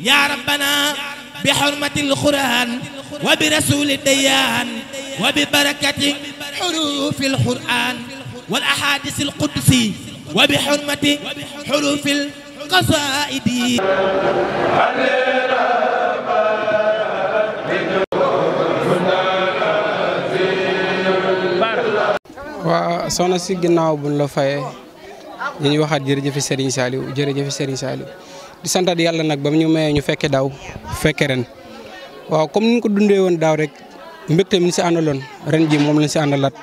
yaa rabbana bi xormatil quraan wa bi rasuuli dayaan wa bi barakati xuruufil quraan wal axaadiisil qudsi wa bi xormati xuruufil qasaa'idi waa soxna si ginnaaw buñ la fayee ñu ngi waxaat jërëjëf Serigne Saliou jërëjëf Serigne Saliou di santaat yàlla nag ba mu ñu mayee ñu fekke daaw fekke ren waaw comme ni ko dundee woon daaw rek mbégte mi ñu si àndaloon ren ji moom lañ si àndalaat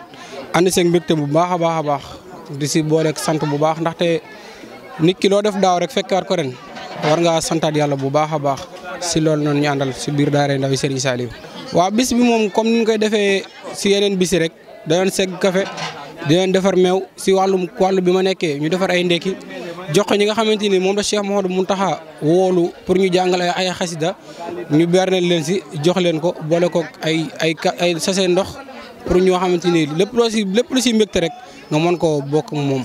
ànd seeg mbégte bu baax a baax a baax di si booleeg sant bu baax ndaxte nit ki loo def daaw rek fekkewaat ko ren war ngaa santaat yàlla bu baax a baax si lool noonu ñu àndal si biir daara ndaw Serigne Saliou waaw bis bi moom comme ni ñu defee si yeneen bis rek dañoon segg café di leen defar meew si wàllum wàllu bi ma nekkee ñu defar ay ndekki jox ko ñi nga xamante ni moom la Cheikh mu taxa woolu pour ñu jàngale ay xasida ñu berneel leen si jox leen ko boole kook ay ay ay sase ndox pour ñoo xamante ni lépp loo si lépp lu si mbégte rek nga mën koo bokk moom.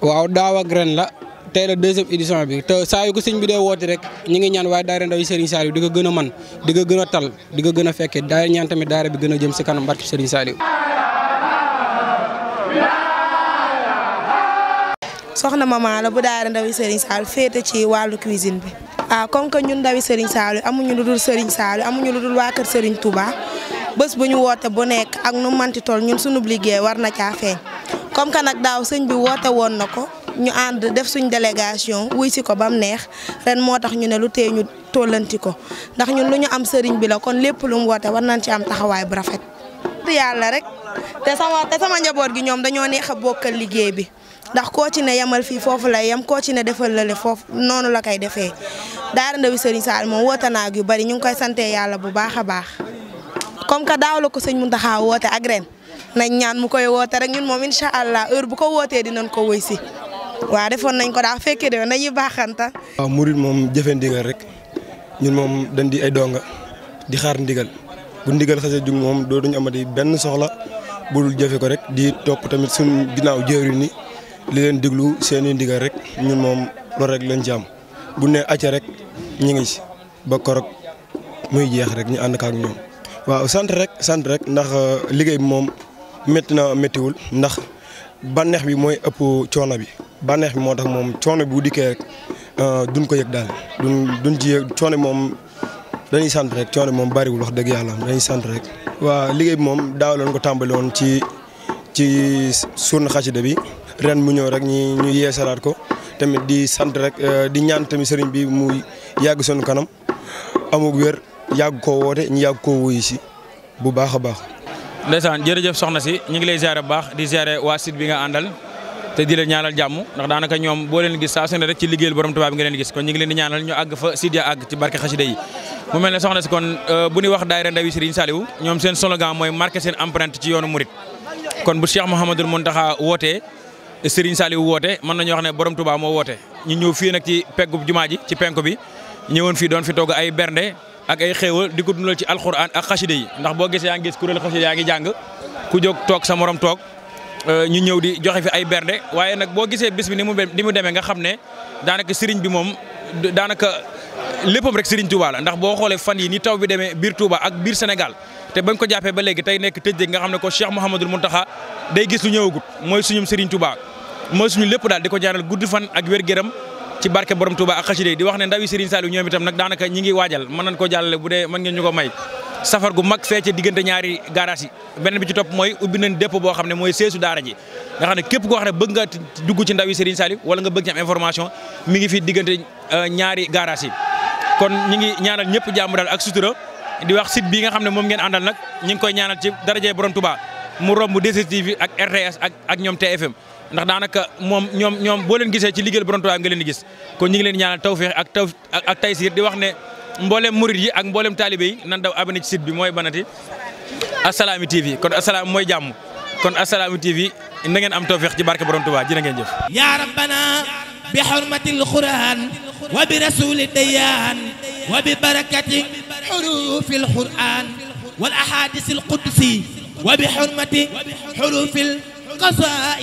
waaw daaw ak ren la tey la deuxième édition bi te saa yu ko sëñ bi dee woote rek ñu ngi ñaan waaye daara ndaw yi Serigne Saliou di ko gën a man di ko gën a tal di ko gën a fekkee daara ñaan tamit bi gën a jëm si kanam barki Serigne soxna ma la bu daara ndawi Serigne Saliou féete ci wàllu cuisine bi. waaw ah, comme que ñun ndawi Serigne Saliou amuñu lu dul Serigne Saliou amuñu lu dul waa kër sëriñ Touba bës bu ñu woote bu nekk ak nu manti toll ñun sunu liggéey war na caa feeñ comme que nag daaw sëñ bi woote woon na ko ñu ànd def suñ délégation wuy si ko ba mu neex ren moo tax ñu ne lu tee ñu tollanti ko ndax ñun lu ñu am sëriñ bi la kon lépp lu mu woote war nañ ci am taxawaay bu rafet. yàlla rek te sama te sama njaboot gi ñoom dañoo neex a bokkal liggéey bi ndax koo ci ne yemal fii foofu lay yem koo ci ne defal lale foofu noonu la koy defee daara Ndawi Serigne Sall moom woote naa yu bari ñu ngi koy sante yàlla bu baax a baax comme que daaw ko sëñ Mountakha woote ak ren nañ ñaan mu koy woote rek ñun moom incha allah heure bu ko wootee dinañ ko woy si waaw defoon nañ ko daal fekkee de nañuy baaxanta. waaw murid moom jëfe ndigal rek ñun moom dañ di ay donga di xaar ndigal. bu ndigal xasee jug moom dootuñu amati benn soxla budul jëfe ko rek di topp tamit suñu ginnaaw jëwri ni li leen diglu seen i ndigal rek ñun moom loolu rek lañ ci am bu ne acca rek ñu ngi ci ba korog muy jeex rek ñu ànd ak ñoom. waaw sant rek sant rek ndax euh, liggéey bi moom métti na méttiwul ndax bànneex bi mooy ëpp coono bi banneex bi moo tax moom coono bu dikkee rek euh, duñ ko yëg daal duñ ci yëg coono moom. dañuy sant rek coono moom bariwul wax dëgg yàlla dañuy sant rek. waa liggéey bi moom daaw lañ ko tàmbali woon ci ci suñu xasida bi ren mu ñëw rek ñi ñu yeesalaat ko tamit di sant rek euh, di ñaan tamit sëriñ bi mu yàgg suñu kanam amug wér yàgg koo woote ñu yàgg koo wuyu si bu baax a baax. ndeysaan jërëjëf soxna si ñu ngi lay ziare bu baax di ziare waa site bi nga àndal te di leen ñaanal jàmm ndax daanaka ñoom boo leen gis saa su ne rek ci liggéeyal borom tubaab ñu ngi leen ñu àgg àgg ci barke xasida yi mu mel ne soxna si kon euh, bu ñuy wax daayira ndawi Serigne Saliou ñoom seen slogan mooy marqué seen empreinte ci yoonu murit kon bu Cheikh Mouhamadul Mountakha wootee Serigne Saliou woote mën nañu wax ne borom Touba moo woote ñu ñëw fii nag ci peggu jumaa ji ci penku bi ñëwoon fii doon fi togg ay bernde ak ay xéewal di ko dundal ci al alxuraan ak xasida yi ndax boo gisee yaa ngi gis kuréel xasida yaa ngi jàng ku jóg toog sa morom toog euh, ñu ñëw di joxe fi ay bernde waaye nag boo gisee bis bi ni mu ni mu demee nga xam ne daanaka sëriñ bi moom daanaka léppam rek Serigne Touba la ndax boo xoolee fan yi ni taw bi demee biir Touba ak biir Sénégal te bañ ko jàppee ba léegi tey nekk tëj nga xam ne ko Cheikh Mouhamadul Mountakha day gis lu ñëwagut mooy suñum Serigne Touba mooy suñu lépp daal di ko ñaanal guddi fan ak wér-gëram ci barke borom Touba ak xasida di wax ne ndawi Serigne Saliou ñoom itam nag daanaka ñi ngi waajal mën nañ ko jàllale bu dee mën ngeen ñu ko may safar gu mag fee ci ñaari garage yi beneen bi ci topp mooy ubbi nañ dépôt boo xam ne mooy seesu daara ji nga ne képp koo xam ne bëgg nga dugg ci ndawi Serigne Saliou wala nga bëgg ci am mi ngi fi diggante euh, ñaari garage yi kon ñi ñaanal ñëpp jàmm daal ak sutura di wax site nga xam ne moom ngeen àndal nag ñi ngi koy ñaanal ci darajee borom Touba mu romb 2STV ak RTS ak ak ñoom TFM ndax daanaka moom ñoom ñoom boo leen gisee ci liggéeyal borom Touba nga leen di gis kon ñi ngi leen ñaanal tawfeex ak taw ak taysiir di wax ne mboolem murit yi ak mboolem taalibe yi nan daw abonné ci site bi mooy banati Assalaamy TV kon assalaam mooy jàmm kon Assalaamy TV na ngeen am tawfeex ci barke borom Touba jërë ngeen jëf ya rabbana bi hurmatil wa bi rasuli dayaan wa bi barakati xurufi alquran wal ahadis alqudsi wa bi xurmati xurufi alqasaid